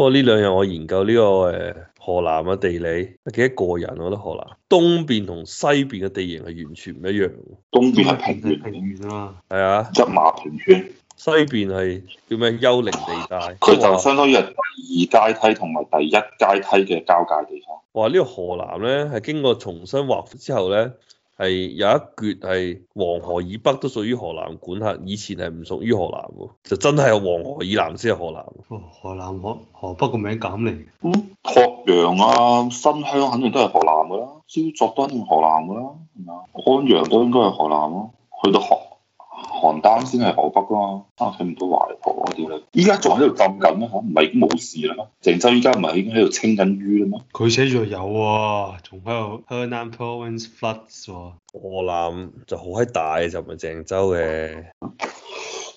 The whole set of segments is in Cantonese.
不過呢兩日我研究呢個誒河南嘅地理，幾多個人、啊？我覺得河南東邊同西邊嘅地形係完全唔一樣。東邊係平原，啊、平原啦，係啊，一馬平川。西邊係叫咩丘陵地帶，佢就相當於係第二階梯同埋第一階梯嘅交界地方。哇！呢、這個河南咧係經過重新劃之後咧。係有一橛係黃河以北都屬於河南管轄，以前係唔屬於河南喎，就真係有黃河以南先係河南。哦，河南河河北，個名減嚟。嗯，濮陽啊、新鄉肯定都係河南㗎啦，焦作都係河南㗎啦，係嘛？安陽都應該係河南囉，去到河，邯鄲先係河北噶、啊、嘛，啊去唔到淮河嗰啲咧，依家仲喺度浸緊咧、啊、嚇，唔係已經冇事啦咩？鄭州依家唔係已經喺度清緊淤啦咩？佢寫住有有，仲喺度。河南 province flood 河南就好閪大浸啊，鄭州嘅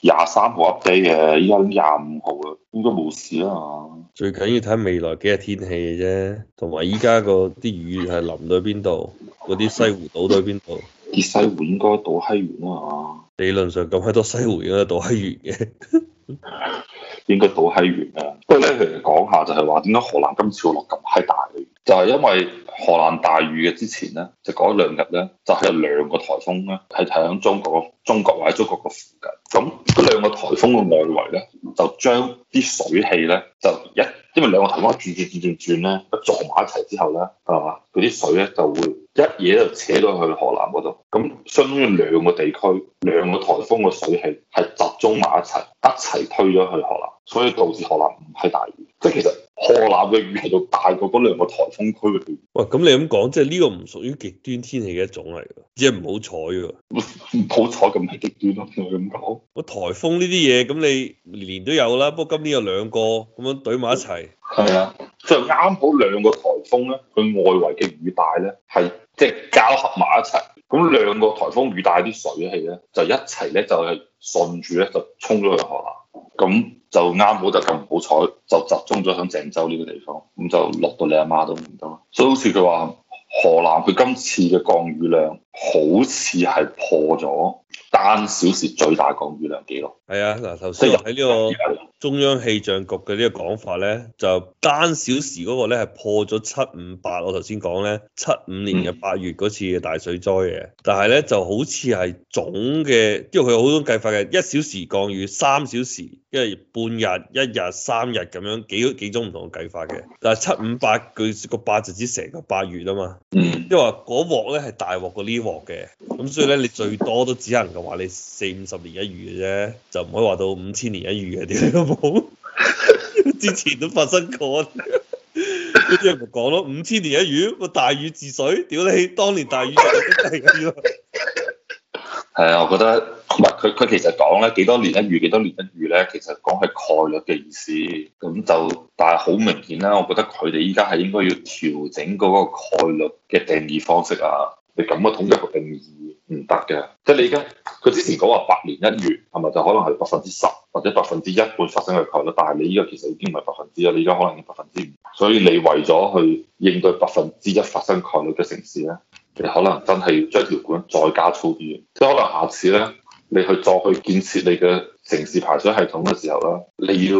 廿三號 update 嘅，依家廿五號啦，應該冇事啦嚇、啊。最緊要睇未來幾日天，天氣啫，同埋依家個啲雨係淋到邊度，啲西湖島對邊度？ 傑西湖應該倒閪完啊嘛，理論上咁閪多西湖應該倒閪完嘅， 應該倒閪完啊。不過咧，其實講下就係話點解河南今次落咁閪大雨，就係、是、因為河南大雨嘅之前咧，就講兩日咧，就係、是、兩個颱風咧，係喺中國、中國或者中國嘅附近。咁嗰兩個颱風嘅外圍咧，就將啲水氣咧，就一因為兩個颱風轉轉轉轉轉咧，撞一撞埋一齊之後咧，係嘛，啲水咧就會。一嘢就扯咗去河南嗰度，咁相當於兩個地區兩個颱風個水氣係集中埋一齊，一齊推咗去河南。所以導致河南唔係大雨，即係其實河南嘅雨係度大過嗰兩個颱風區嘅雨。喂，咁你咁講，即係呢個唔屬於極端天氣嘅一種嚟嘅，即係唔好彩喎。唔好彩咁係極端啊，我咁講。我颱風呢啲嘢，咁你年年都有啦，不過今年有兩個咁樣懟埋一齊。係啊，剛剛兩就啱好兩個颱風咧，佢外圍嘅雨帶咧，係即係交合埋一齊，咁兩個颱風雨帶啲水氣咧，就一齊咧就係順住咧就沖咗去河南。咁就啱好就咁好彩，就集中咗喺鄭州呢個地方，咁就落到你阿媽都唔認得，所以好似佢話河南佢今次嘅降雨量。好似係破咗單小時最大降雨量紀錄。係啊，嗱頭先喺呢個中央氣象局嘅呢個講法咧，就單小時嗰個咧係破咗七五八。我頭先講咧，七五年嘅八月嗰次嘅大水災嘅。嗯、但係咧就好似係總嘅，因為佢有好多計法嘅。一小時降雨，三小時，因為半日、一日、三日咁樣幾幾種唔同嘅計法嘅。但係七五八，佢、個八就指成個八月啊嘛。嗯、因為嗰鑊咧係大鑊嗰啲。嘅咁，所以咧，你最多都只能夠話你四五十年一遇嘅啫，就唔可以話到五千年一遇嘅，點都冇。 之前都發生過，啲人咪講咯，五千年一遇，個大禹治水，屌你，當年大禹係咪真？係啊，我覺得同埋佢佢其實講咧幾多年一遇，幾多年一遇咧，其實講係概率嘅意思。咁就但係好明顯啦，我覺得佢哋依家係應該要調整嗰個概率嘅定義方式啊。你咁嘅統一個定義唔得嘅，即係你而家佢之前講話百年一遇係咪就可能係百分之十或者百分之一半發生概率咧？但係你依家其實已經唔係百分之一，你而家可能係百分之五，所以你為咗去應對百分之一發生概率嘅城市咧，你可能真係要將條管再加粗啲，即係可能下次咧你去再去建設你嘅城市排水系統嘅時候啦，你要，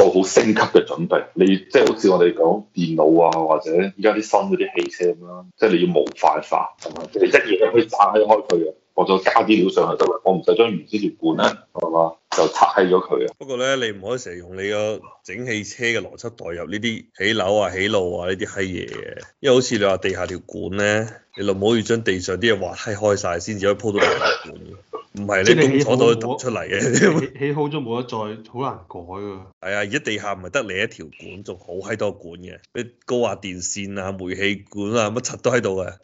做好升級嘅準備，你即係好似我哋講電腦啊，或者依家啲新嗰啲汽車咁啦，即係你要模塊化，即係你一嘢可以拆開佢啊，我再加啲料上去得啦，我唔使將原先條管咧，係嘛，就拆開咗佢啊。不過咧，你唔可以成日用你個整汽車嘅邏輯代入呢啲起樓啊、起路啊呢啲閪嘢嘅，因為好似你話地下條管咧，你就唔可以將地上啲嘢挖開晒先至可以鋪到地唔係你都坐到去凸出嚟嘅，起， 起起好咗冇得再，好難改噶。係啊，而家地下唔係得你一條管，仲好閪多管嘅，你高壓電線啊、煤氣管啊，乜柒都喺度啊。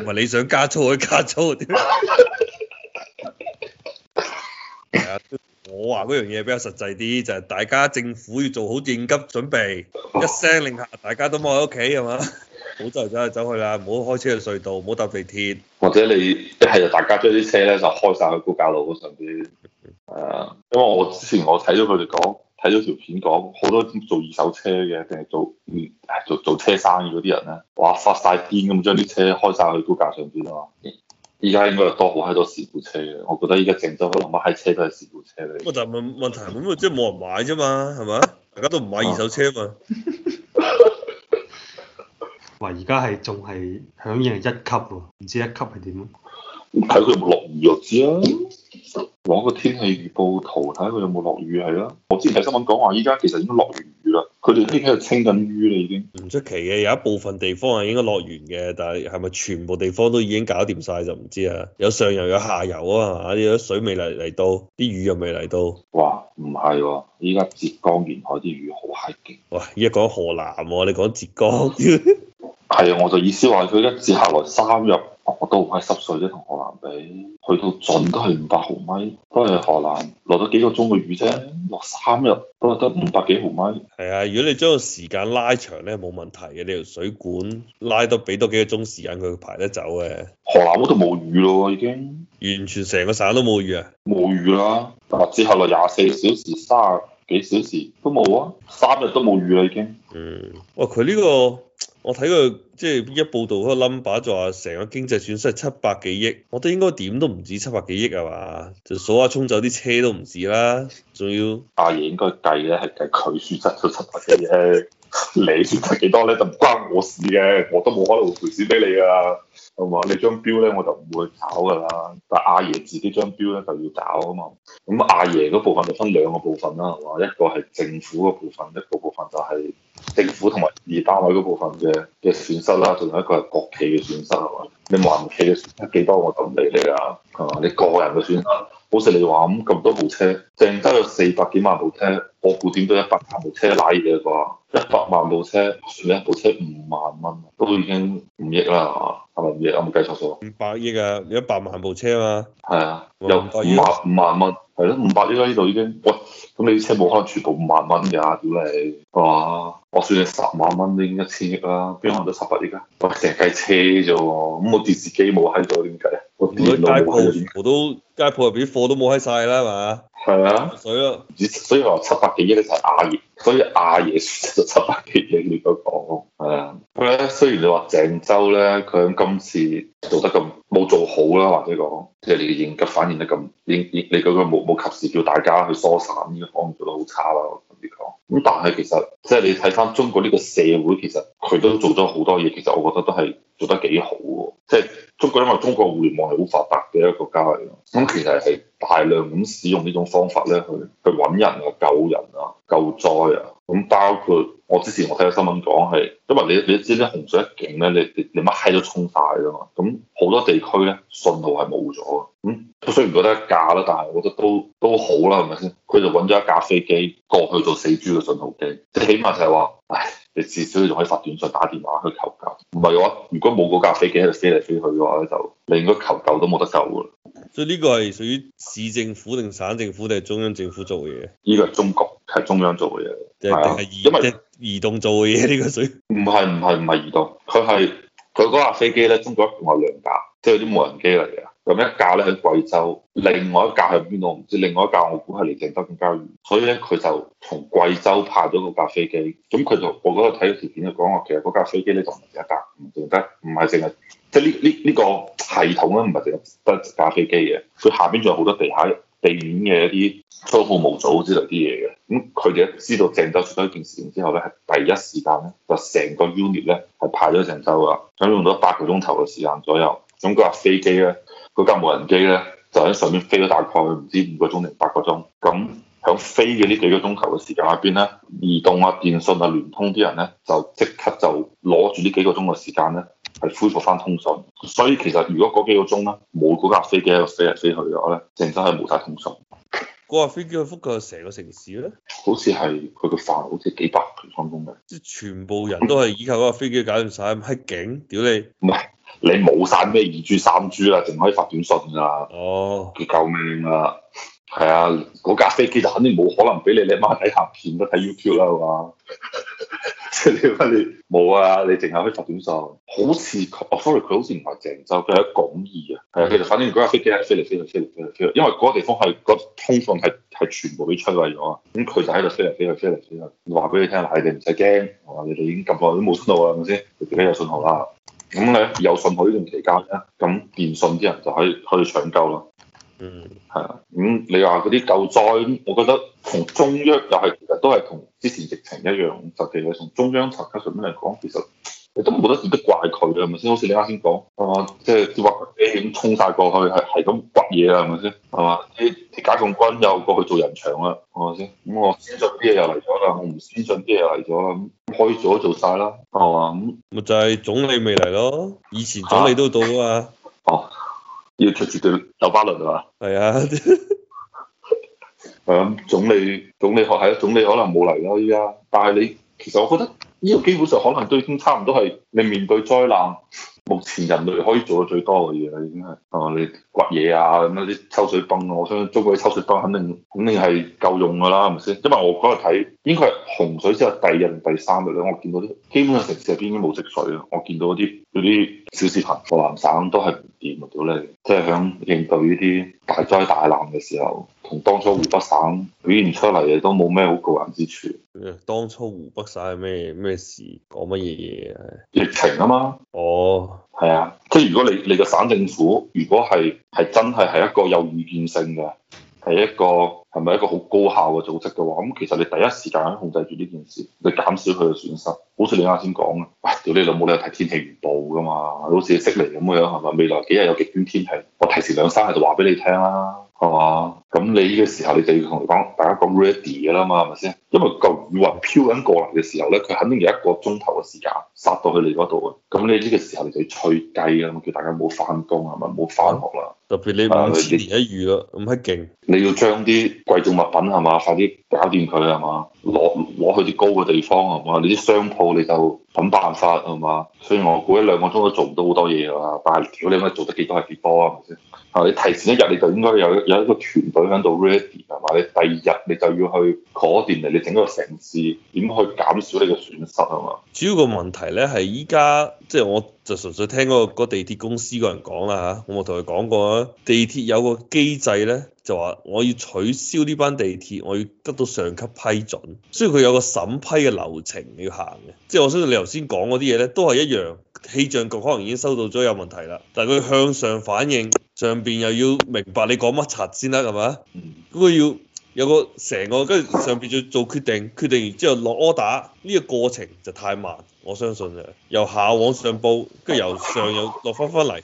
唔係 你想加粗可以加粗。係啊，我話嗰樣嘢比較實際啲，就係、是、大家政府要做好應急準備，一聲令下，大家都踎喺屋企係嘛。好就走去，走去啦！唔好開車去隧道，唔好搭地鐵。或者你一係就大家將啲車咧就開晒去高架路嗰上邊。係啊，因為我之前我睇咗佢哋講，睇咗條片講，好多做二手車嘅定係做、嗯、做做車生意嗰啲人咧，哇發晒癲咁將啲車開晒去高架上邊啊！依家應該又多好閪多事故車嘅，我覺得依家鄭州可能乜閪車都係事故車嚟。喂，但係問問題咁即係冇人買啫嘛，係咪 大家都唔買二手車嘛。 話而家係仲係響應係一級喎，唔知一級係點？睇佢有冇落雨就知啦。攞個天氣預報圖睇下佢有冇落雨係囉。我之前睇新聞講話，依家其實應該落完雨啦。佢哋天氣又清緊雨啦，已經。唔出奇嘅，有一部分地方係應該落完嘅，但係係咪全部地方都已經搞掂晒就唔知啦。有上游有下游啊嘛，啲水未嚟嚟到，啲雨又未嚟到。哇！唔係喎，依家浙江沿海啲雨好係勁。哇！依家講河南啊，你講浙江。 係，我就意思話佢一接下來三日、啊、我都唔係濕碎啫，同河南比，去到盡都係五百毫米，都係河南落咗幾個鐘嘅雨啫，落三日都係得五百幾毫米。係啊，如果你將個時間拉長咧，冇問題嘅，你條水管拉到俾多幾個鐘時，時間佢排得走嘅。河南嗰度冇雨咯、啊，已經完全成個省都冇雨啊，冇雨啦。嗱、啊，接下來廿四小時、卅幾小時都冇啊，三日都冇雨啦，已經。嗯。哇，佢呢、呢個～我睇佢即係一報道嗰個 number，就話成個經濟損失係七百幾億，我覺得應該點都唔止七百幾億係嘛？就數下衝走啲車都唔止啦，仲要阿爺應該計咧係計佢損失到七百幾億。 你損失幾多咧，就唔關我事嘅，我都冇可能賠錢俾你噶，係嘛？你張表咧我就唔會搞㗎啦。但阿爺自己張表咧就要搞啊嘛。咁阿爺嗰部分就分兩個部分啦，係嘛？一個係政府嘅部分，一個部分就係政府同埋二單位嗰部分嘅嘅損失啦，仲有一個係國企嘅損失，係嘛？你民企嘅損失幾多我就唔理你啦，係嘛？你個人嘅損失。好似你話咁咁多部車，淨得有四百幾萬部車，我估點都一百萬部車攋嘢啩？一百萬部車算一部車五萬蚊，都已經五億啦，係咪五億？有冇計錯數？五百億啊，有一百萬部車嘛？係啊，麼麼億有五萬五萬蚊，係咯、啊，五百億啦，呢度已經。喂，咁你啲車冇可能全部五萬蚊㗎，屌你，係、啊、嘛？我算你十萬蚊已經一千億啦，邊可能得十八億啊？我淨計車啫喎，咁我電視機冇喺度點計啊？個電街都街鋪入邊啲貨都冇喺晒啦嘛，係啊了所，所以咯，所以話七百幾億就係阿爺，所以阿爺就七百幾億你咗講，係啊。咁咧，雖然你話鄭州咧，佢喺今次做得咁冇做好啦，或者講即係應急反應得咁應應，你嗰個冇冇及時叫大家去疏散呢個方面做得好差咯，咁樣講。咁但係其實即係、就是、你睇翻中國呢個社會其實。佢都做咗好多嘢，其實我覺得都係做得幾好喎，即係中國，因為中國互聯網係好發達嘅一個國家嚟，咁其實係。大量咁使用呢種方法咧，去去揾人啊、救人啊、救災啊。咁包括我之前我睇咗新聞講係，因為你你知啲洪水一勁咧，你你你乜閪都沖曬咯。咁好多地區咧，信號係冇咗嘅。咁、嗯、雖然覺得架啦，但係我覺得都都好啦，係咪先？佢就揾咗一架飛機過去做四 G 嘅信號機，即起碼就係話，唉，你至少你仲可以發短信、打電話去求救。唔係嘅話，如果冇嗰架飛機喺度飛嚟飛去嘅話咧，就～你應該求救都冇得救㗎，所以呢個係屬於市政府定省政府定係中央政府做嘅嘢。呢個係中國係中央做嘅嘢，係因為移動做嘅嘢呢個水唔係唔係唔係移動，佢係佢嗰架飛機咧中國、就是、一共係兩架，即係啲無人機嚟嘅。咁一架咧喺貴州，另外一架喺邊度我唔知，另外一架我估係離鄭州更加遠，所以咧佢就從貴州派咗嗰架飛機，咁佢就我嗰度睇咗條片就講話，其實嗰架飛機咧就唔係一架，唔係淨得，唔係淨係，即係呢呢呢個系統咧唔係淨得一架飛機嘅，佢下邊仲有好多地下地面嘅一啲操控模組之類啲嘢嘅，咁佢哋知道鄭州出咗一件事情之後咧，係第一時間咧就成個 unit 咧係派咗成周啦，咁用咗八個鐘頭嘅時間左右，咁嗰架飛機咧。嗰架無人機咧，就喺上面飛咗大概唔知五個鐘定八個鐘，咁響飛嘅呢幾個鐘頭嘅時間入邊咧，移動啊、電信啊、聯通啲人咧就即刻就攞住呢幾個鐘嘅時間咧，係恢復翻通訊。所以其實如果嗰幾個鐘咧，冇嗰架飛機喺度飛嚟飛去嘅話咧，成真係冇晒通訊。嗰架飛機覆蓋晒成個城市咧？好似係佢嘅範圍，好似幾百平方公里。即係全部人都係依靠嗰架飛機搞掂晒，黑警屌你唔係。 你冇晒咩二 G、三 G 啦，淨可以發短信㗎。哦，佢救命啊！係啊，嗰架飛機就肯定冇可能俾你你阿媽睇片都睇 YouTube 啦，係嘛？即係你乜你冇啊？你淨係可以發短信。好似，sorry，佢好似唔係鄭州，佢喺廣義啊。係啊，其實反正嗰架飛機係飛嚟飛去飛嚟飛去飛，因為嗰個地方係個通訊係係全部俾摧毀咗，咁佢就喺度飛嚟飛去飛嚟飛去，話俾你聽，你哋唔使驚，我話你哋已經撳落都冇通道啦，係咪先？佢自己有信號啦。咁咧有信號呢段期間咧，咁電信啲人就可以去搶救咯。嗯，係啊。咁你話嗰啲救災，我覺得同中央又係其實都係同之前疫情一樣，就其實從中央層級上面嚟講，其實。都就是、你都冇得值得怪佢啊，係咪先？好似你啱先講，係即係話你咁衝晒過去，係係咁掘嘢啦，係咪先？係嘛？啲解放軍又過去做人牆啦，係咪先？咁我先進啲嘢又嚟咗啦，我唔先進啲嘢又嚟咗啦，咁可以做都做晒啦，係嘛？咁咪就係總理未嚟咯，以前總理都到啊嘛。哦、 啊，要出住對走巴倫係嘛？係是啊、 嗯，咁總理總理學係咯，總理可能冇嚟咯，依家。但係你其實我覺得。呢個基本上可能都已經差唔多係你面對災難，目前人類可以做嘅最多嘅嘢啦，已經係。哦，你掘嘢啊，咁啲抽水泵啊，我相信中國啲抽水泵肯定肯定係夠用㗎啦，係咪先？因為我嗰日睇，應該係洪水之後第二日第三日咧，我見到啲基本上城市入邊已經冇積水啊。我見到啲啲小視頻，河南省都係唔掂到咧，即係響應對呢啲大災大難嘅時候。從當初湖北省表現出嚟嘅都冇咩好過人之處。當初湖北省係咩咩事，講乜嘢嘢啊？疫情啊嘛。哦。係啊，即係如果你你個省政府如果係係真係係一個有預見性嘅，係一個係咪一個好高效嘅組織嘅話，咁、嗯、其實你第一時間控制住呢件事，你減少佢嘅損失。好似你啱先講啊，喂、哎，屌你老母你係睇天氣預報㗎嘛，好似悉尼咁樣係咪未來幾日有極端天氣，我提前兩三日就話俾你聽、啊、啦。係嘛？咁你呢個時候你就要同你講，大家講 ready 啦嘛，係咪先？因為個雨雲飄緊過嚟嘅時候咧，佢肯定有一個鐘頭嘅時間殺到去你嗰度。咁你呢個時候你就要吹雞啦，叫大家唔好翻工，係咪唔好翻學啦？特別你唔好千年一遇嘅雨咯，咁閪勁！你要將啲貴重物品係嘛，快啲搞掂佢係嘛，攞攞去啲高嘅地方係嘛，你啲商鋪你就。揾辦法啊嘛，所以我估一兩個鐘都做唔到好多嘢啊嘛，但係如果你咁樣做得幾多係幾多啊，係咪先？啊，你提前一日你就應該有有一個團隊喺度 ready 係嘛，你第二日你就要去攔定你整一個城市點去減少你嘅損失啊嘛。主要個問題咧係依家即係我。就純粹聽嗰個地鐵公司個人講啦嚇，我冇同佢講過啊。地鐵有個機制咧，就話我要取消呢班地鐵，我要得到上級批准，所以佢有個審批嘅流程要行嘅。即係我相信你頭先講嗰啲嘢咧，都係一樣。氣象局可能已經收到咗有問題啦，但係佢向上反映，上邊又要明白你講乜柒先啦，係嘛？咁佢要。有個成個跟住上邊做做決定，決定完之後落柯打，呢個過程就太慢。我相信啊，由下往上報，跟住由上又落翻翻嚟。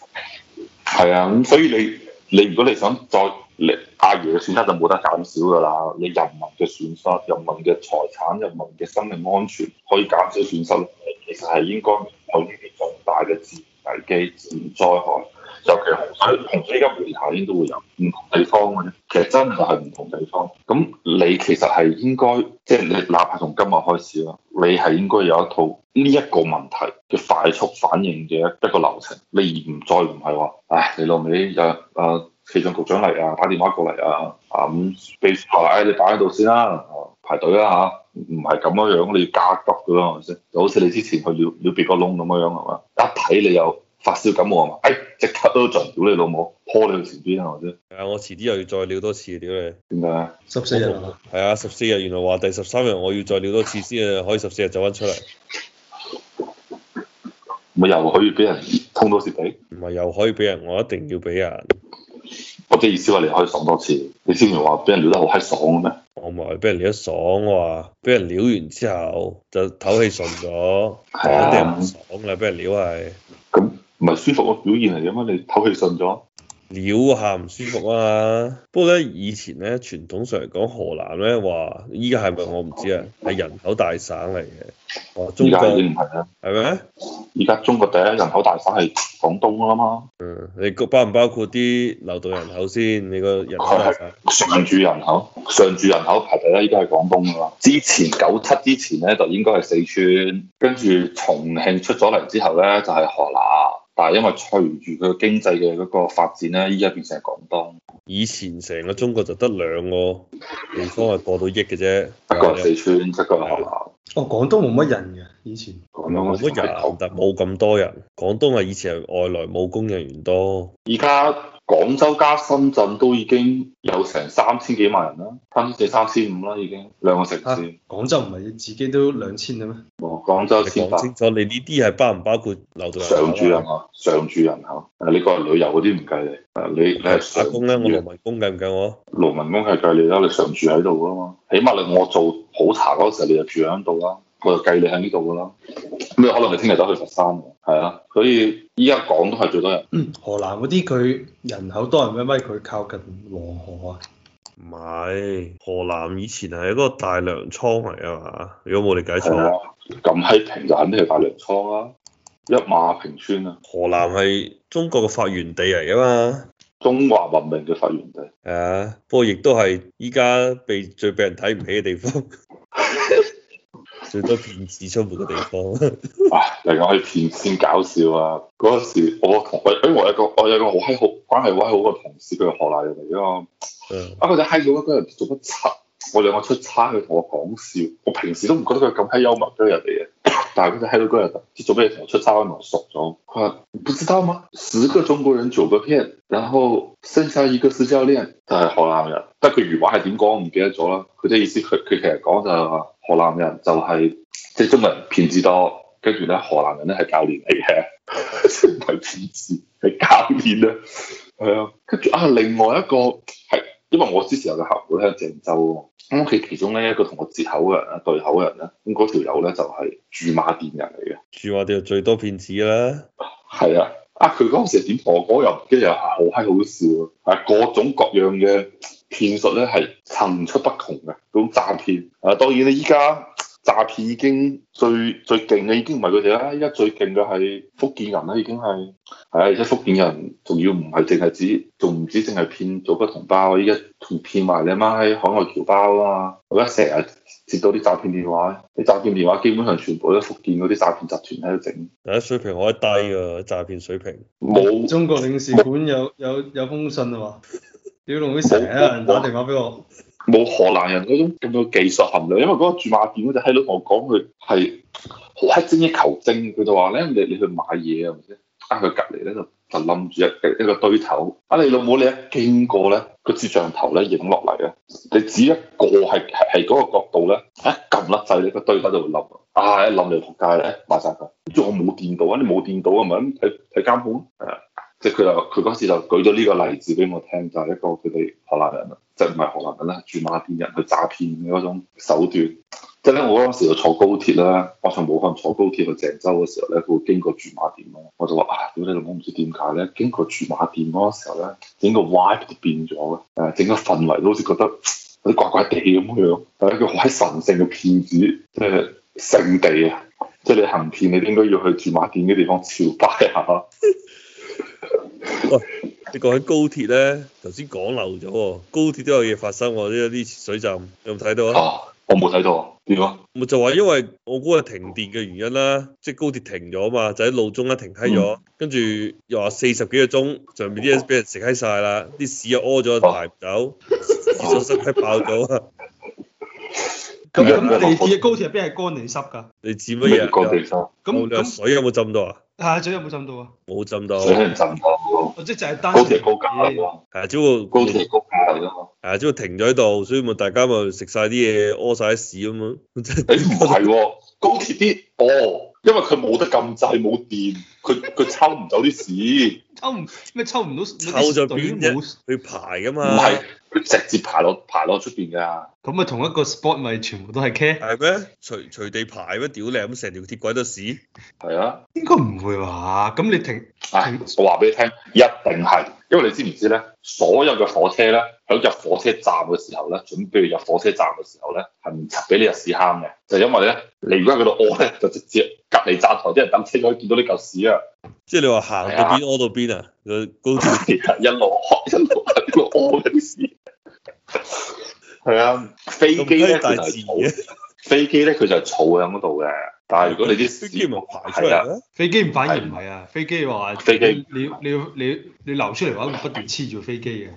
係啊，咁所以你你如果你想再你阿爺嘅損失就冇得減少噶啦，你人民嘅損失、人民嘅財產、人民嘅生命安全可以減少損失，其實係應該有呢啲重大嘅自然危機、自然災害。尤其洪水，洪水依家每年夏天都會有唔同地方嘅啫。其實真係係唔同地方。咁你其實係應該，即係你哪怕從今日開始啦，你係應該有一套呢一個問題嘅快速反應嘅一個流程，你而唔再唔係話，唉，你老味啊，啊，氣象局長嚟啊，打電話過嚟啊，啊咁，俾話、啊，你擺喺度先啦、啊啊，排隊啦、啊、嚇，唔係咁樣樣，你要加急嘅啦，係咪先？就好似你之前去撩撩別個窿咁樣樣係嘛，一睇你又～發燒感冒啊嘛，哎，即刻都 r g 你老母 c 你個前邊啫。係啊，我遲啲又要再撩多次撩你，點解啊？十四日啊？係啊，十四日原來話第十三日我要再撩多次先啊，可以十四日走返出嚟。咪又可以俾人通到蝕底？唔係又可以俾人，我一定要俾人。我啲意思話你可以爽多次，你先前話俾人撩得好閪爽嘅咩？我唔係俾人撩得爽我話，俾人撩完之後就唞氣順咗，一定唔爽啦，俾人撩係。唔係舒服個表現嚟嘅嘛，你透氣順咗，撩下唔舒服啊！不過咧，以前咧，傳統上嚟講，河南咧，話依家係咪我唔知啊，係人口大省嚟嘅。依家已唔係啦，係咩？依家嗎中國第一人口大省係廣東啦嘛。嗯，你包唔包括啲流動人口先？啊、你個人口係常住人口，常住人口排第一，依家係廣東㗎嘛。之前九七之前咧，就應該係四川，跟住重慶出咗嚟之後咧，就係河南。但係因為隨住佢經濟嘅嗰個發展咧，依家變成廣東。以前成個中國就得兩個地方係過到億嘅啫，得個四川，得個湖南。的哦，廣東冇乜人嘅，以前廣東冇乜人得，冇咁多人。廣東啊，以前係外來務工人員多。而家廣州加深圳都已經有成三千幾萬人啦，差唔多三千五啦，已經兩個城市。廣、啊、州唔係自己都兩千嘅咩？我廣、哦、州千八。講清楚，你呢啲係包唔包括留常住、住人口？常住人口，你過嚟旅遊嗰啲唔計你。你你啊，你你係打工咧？我係農民工，計唔計我？農民工係計你啦，你常住喺度噶嘛？起碼你我做普查嗰時候，你就住喺度啦，我就計你喺呢度噶啦。咩可能你聽日走去佛山喎？係啊，所以依家廣都係最多人。嗯、河南嗰啲佢人口多係咪咪，佢靠近黃河啊？唔係，河南以前係一個大糧倉嚟啊嘛。如果冇理解錯，咁閪、啊、平就肯定係大糧倉啦、啊，一馬平川啊，河南係中國嘅發源地嚟啊嘛，中華文明嘅發源地。係啊，不過亦都係依家被最俾人睇唔起嘅地方。最多騙子出沒嘅地方、 哎。唉，嚟講係騙先搞笑啊！嗰、那、陣、個、時，我同喂，誒、哎，我有個我有個好閪好關係，好好嘅同事，佢係河南人嚟嘅嘛。嗯、啊，佢就閪到一啲人做乜柒？我兩個出差，佢同我講笑。我平時都唔覺得佢咁閪幽默嘅人嚟嘅，但係佢就閪到嗰啲人，做咩同我出差都熟咗。佢話你不知道嗎？十個中國人九個騙，然後剩下一個是教練？就係河南人，得佢粵話係點講唔記得咗啦。佢啲意思，佢佢其實講就係話。河南人就係、是、即係中文騙子多，跟住咧河南人咧係教練嚟嘅，唔 係騙子係教練啦。係啊，跟住啊，另外一個係因為我之前有個客戶喺鄭州，咁咁佢其中咧一個同我接口嘅人咧對口嘅人咧，咁嗰條友咧就係、是、駐馬店人嚟嘅，駐馬店最多騙子啦，係啊。啊！佢嗰陣時點蘋果又啲又係好閪好笑，啊，各種各樣嘅騙術咧係層出不窮嘅嗰種詐騙，啊，當然啦依家。詐騙已經最最勁嘅已經唔係佢哋啦，依家最勁嘅係福建人啦，已經係係，而且福建人仲要唔係淨係指，仲唔止淨係騙祖國同胞，依家仲騙埋你媽喺海外僑胞啦！我而家成日接到啲詐騙電話，啲詐騙電話基本上全部都福建嗰啲詐騙集團喺度整，而且水平好低㗎，詐騙的水平冇。有中國領事館有 有有，有，有封信啊嘛？要攞成日有人打電話俾我。 冇河南人嗰種咁多技術含量，因為嗰個駐馬店嗰隻閪佬同我講，佢係好乞精一求精，佢就話咧，你你去買嘢啊，喺佢隔離咧就就冧住一一個堆頭，啊你老母你一經過咧，個攝像頭呢，咧影落嚟咧，你只一個係係嗰個角度咧，啊啊，一撳甩曬你個堆頭就會冧，啊一冧你就仆街咧，買晒佢，跟住我冇電到啊，你冇電到啊，咪咁睇睇監控啊。即係佢就佢嗰時就舉咗呢個例子俾我聽，就係、是、一個佢哋河南人啊，即係唔係河南人啦，係駐馬店人去詐騙嘅嗰種手段。即係咧，我嗰時就坐高鐵啦，我從武漢坐高鐵去鄭州嘅時候咧，佢會經過駐馬店咯。我就話：你老母唔知點解咧？經過駐馬店嗰時候咧，整個 vibe 都變咗嘅，誒，整個氛圍都好似覺得啲怪怪地咁樣，係一個好閪神聖嘅騙子，即係聖地啊！即係你行騙，你應該要去駐馬店嘅地方朝拜下。 喂，你講喺高鐵咧，頭先講漏咗喎，高鐵都有嘢發生喎，都有啲水浸，有冇睇到啊？我冇睇到，點啊？咪就話因為我估係停電嘅原因啦，即係高鐵停咗嘛，就喺路中咧停低咗，跟住又話四十幾個鐘，上面啲嘢俾人食閪晒啦，啲屎又屙咗大走，廁所塞鬼爆咗啊！咁咁地鐵啊、高鐵啊邊係乾地濕㗎？地鐵乜嘢啊？乾地濕。咁咁水有冇浸到啊？啊！嘴有冇浸到啊？冇浸到，水都浸唔到。哦、嗯，即係就係單高鐵高架喎。啊，只不過高鐵高架嚟啫嘛。係啊，只不過停咗喺度，所以咪大家咪食晒啲嘢，屙晒屎咁樣。唔係喎，高鐵啲哦。因為佢冇得咁滯，冇電，佢佢抽唔到啲屎，抽唔咩抽唔到，抽咗邊一去排噶嘛？唔係，佢直接排落排落出邊噶。咁咪同一個 spot 咪全部都係 care？係咩？隨隨地排咩？屌你，咁成條鐵軌都屎。係啊。應該唔會話，咁你停？係、啊，我話俾你聽，一定係，因為你知唔知咧？所有嘅火車咧。喺入火車站嘅時候咧，準備入火車站嘅時候咧，係唔俾你入屎坑嘅，就因為咧，你如果喺度屙咧，就直接隔離站台啲人等車可以見到呢嚿屎啊！即係你話行到邊屙到邊啊？嗰嗰啲人一路喝一路喺度屙啲屎。係啊，飛機咧佢就燥，飛機咧佢就燥喺嗰度嘅。但係如果你啲飛機唔排出嚟，飛機唔係唔係啊？飛機話飛機，你你你你流出嚟話不斷黐住飛機嘅。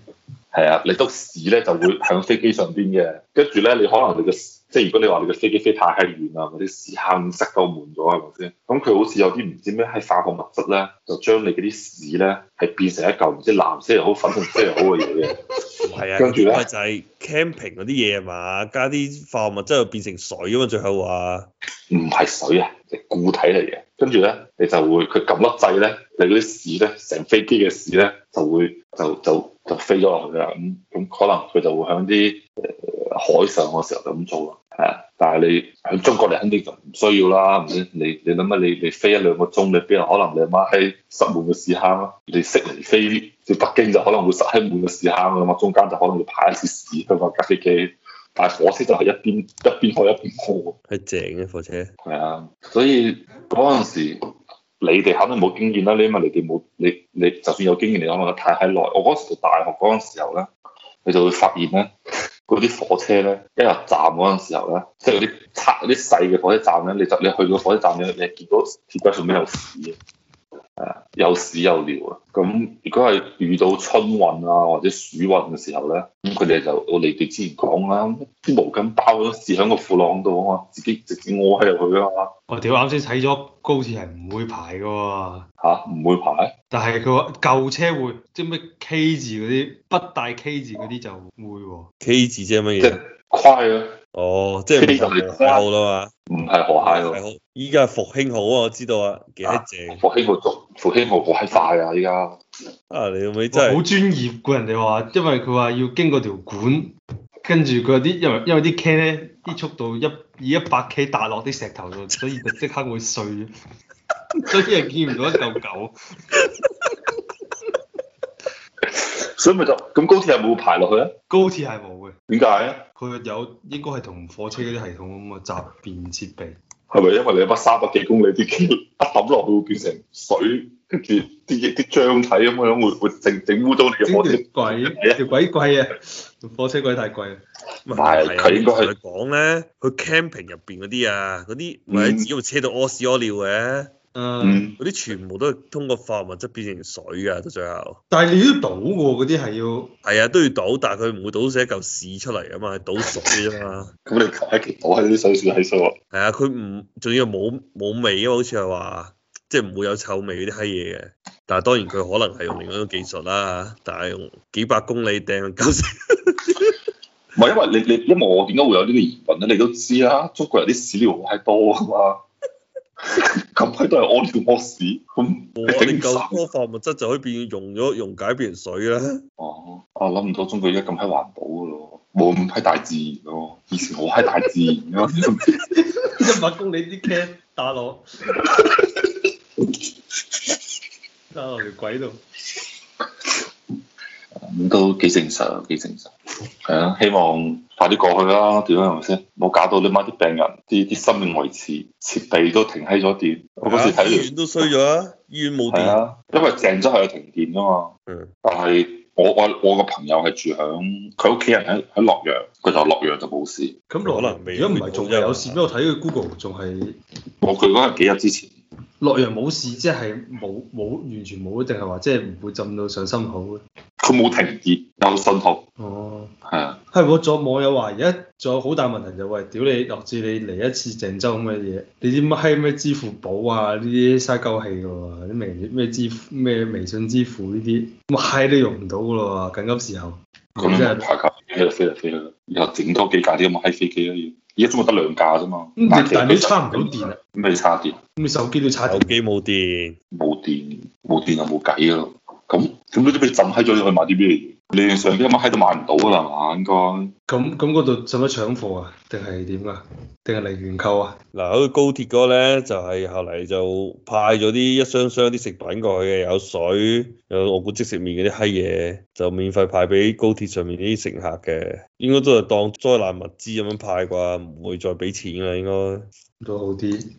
係啊，你篤屎咧就會喺飛機上邊嘅，跟住咧你可能你嘅即係如果你話你嘅飛機飛太遠啊，嗰啲屎坑塞到滿咗啊，係咪先？咁佢好似有啲唔知咩係化學物質咧，就將你嗰啲屎咧係變成一嚿唔知藍色又好、粉紅色又好嘅嘢嘅。係 啊，跟住咧，就係 camping 嗰啲嘢啊嘛，加啲化學物質又變成水啊嘛，最後話唔係水啊，係固體嚟嘅。跟住咧，你就會佢撳粒掣咧，你嗰啲屎咧，成飛機嘅屎咧，就會就就就飛咗落去啦。咁咁可能佢就會喺啲、呃、海上嘅時候就咁做咯。係啊，但係你喺中國嚟肯定就唔需要啦，唔你你諗下，你你，你，你飛一兩個鐘，你邊有可能你阿媽喺塞滿個屎坑啊？你食嚟飛，去北京就可能會塞喺滿個屎坑啊嘛。中間就可能會排一次屎喺個架飛機。但係火車就係一邊一邊開一邊開，係正嘅火車。係啊，所以。所以嗰陣時，你哋肯定冇經驗啦。你問你哋冇，你你就算有經驗，你可能都太喺耐。我嗰時讀大學嗰陣時候咧，你就會發現咧，嗰啲火車咧，一入站嗰陣時候咧，即係嗰啲拆嗰啲細嘅火車站咧，你就你去到火車站，你你見到鐵軌上面有屎。有屎有尿啊！咁如果係遇到春運啊或者暑運嘅時候咧，咁佢哋就我哋哋之前講啦，啲毛巾包咗屎喺個褲囊度啊嘛，自己直接屙喺入去啊嘛。我哋啱先睇咗高鐵係唔會排噶喎吓，唔、啊、會排？但係佢話舊車會，即係咩 K 字嗰啲不帶 K 字嗰啲就會 K、啊、字、啊 oh，即係乜嘢？即係快咯。哦，即係呢度係舊啦嘛，唔係河蟹咯。係好，依家係復興好啊！我知道多啊，幾正。復興火車好快啊！依家啊，你咪真係好專業㗎。人哋話，因為佢話要經過條管，跟住佢有啲因為因為啲車咧，啲速度一以一百 K 打落啲石頭度，所以就即刻會碎， 所以啲人見唔到一嚿狗。 所以咪就咁，高鐵有冇排落去啊？高鐵係冇嘅。點解啊？佢有應該係同火車嗰啲系統咁嘅雜便設備，係咪因為你有筆三百幾公里啲車？一抌落去會變成水，跟住啲啲漿體咁樣，會會整整污糟你嘅貨車櫃，條鬼貴啊！貨車櫃太貴。唔係佢應該係講咧，佢 camping 入邊嗰啲啊，嗰啲唔係喺紙度車到屙屎屙尿嘅。嗯，嗰啲、um, 全部都係通過化學物質變成水噶，到最後。但係你都要倒喎，嗰啲係要。係啊，都要倒，但係佢唔會倒死一嚿屎出嚟啊嘛，倒水啫嘛。咁你求其倒喺啲水線係數啊？係啊，佢唔，仲要冇冇味啊，好似係話，即係唔會有臭味啲閪嘢嘅。但係當然佢可能係用另一種技術啦嚇，但係用幾百公里掟，夠死。唔係因為你你，因為我點解會有呢個疑問咧？你都知啦、啊，中國人啲屎尿閪多啊嘛。咁閪 都係我呢條惡屎咁，我哋夠多化物質就可以變用咗，溶解變水啦。哦，我諗唔到中國而家咁閪環保噶咯，冇咁閪大自然咯，以前好閪大自然，一百公里啲 c a 打落，打落條鬼度。咁都幾正常，啊，幾正常。係啊，希望快啲過去啦。點樣，係咪先？冇搞到你媽啲病人，啲啲生命維持設備都停喺咗電。我嗰、啊、時睇醫院都衰咗，醫院冇電。係啊，因為鄭州係停電噶嘛。啊、但係我我我個朋友係住響，佢屋企人喺喺洛陽，佢就洛陽就冇事。咁、嗯、洛能未？如果唔係仲有事咩？我睇佢 Google 仲係。我佢嗰日幾日之前。洛陽冇事，即係冇冇完全冇，一定係話即係唔會浸到上心口，佢冇停電又信號。有有哦。係啊的。係，我仲有網友話，而家仲有好大問題就係、是，屌你，落至你嚟一次鄭州咁嘅嘢，你啲乜閪咩支付寶啊呢啲嘥鳩氣嘅喎，啲微咩支付咩微信支付呢啲，乜閪都用唔到嘅喎，緊急時候。咁即係拍架，一路、就是、飛嚟飛去。飛又整多幾架啲咁嘅飛機啦，要，而家中國得兩架啫嘛。但係你，你差唔到電啊？未差電。你手機都差電，機冇電。冇電，冇電又冇計咯。咁，咁嗰啲俾浸閪咗，你去買啲咩你連上邊乜喺度買唔到啦嘛，應該咁咁嗰度使唔使搶貨啊？定係點啊？定係嚟零元購啊？嗱，好似高鐵嗰咧就係、是、後嚟就派咗啲一,一箱箱啲食品過去嘅，有水，有我估即食麵嗰啲嘿嘢，就免費派俾高鐵上面啲乘客嘅，應該都係當災難物資咁樣派啩，唔會再俾錢啦，應該都好啲。